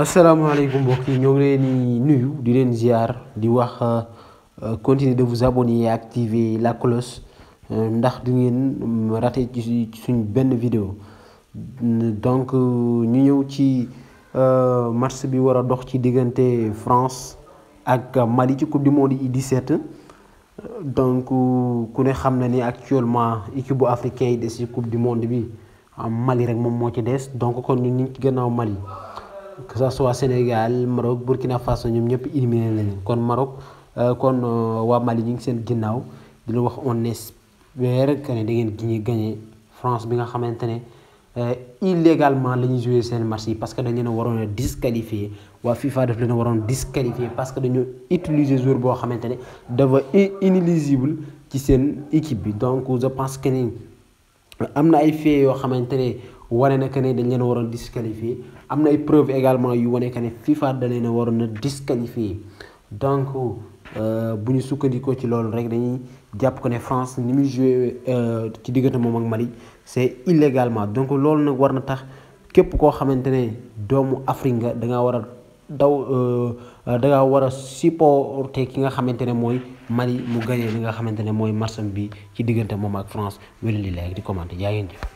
asalaamaaleykum alaikum yi ñoo ngi ziar di wax euh, continuer de vous abonner et activer la cloche euh, ndax du ngeen raté ci vidéo donc nous euh, ñëw ci match bi France ak Mali ci coupe du monde 17 donc ku ne ni actuellement équipe des coupe du monde bi Mali rek ci donc kon Mali que ça soit Sénégal Maroc Burkina Faso ñoom ñëpp éliminé nañu kon Maroc euh, kon euh, waa Mali ñu ngi seen ginnaaw di la wax on espère que ne da ngeen gi France bi nga xamante ne euh, illégalement la ñuy joué seen match parce que dañu leen a waroon a disqualifié waa FIFA daf leen a disqualifié parce que dañoo utiliser joueur boo xamante ne dafa inéligible ci seen équipe bi donc je pense que ni am na ay faits yoo xamante wane ne que ne dañ leen waroon disqualifier am na ay preuve également yu wane que ne FIFA da leen a waroon a disqualifier donc euh, bu ñu sukkandikoo ci loolu rek dañuy jàpp ko ne France ni muy joué euh, ci diggante moom ak Mali c'est illégalement donc loolu nag war na tax képp koo xamante ne doomu Afrique nga da ngaa war a daw euh, da ngaa war a supporter ki nga xamante ne mooy Mali mu gagné li nga xamante ne mooy match bi ci diggante moom ak France wélu li di commenter yaa ngeen jëf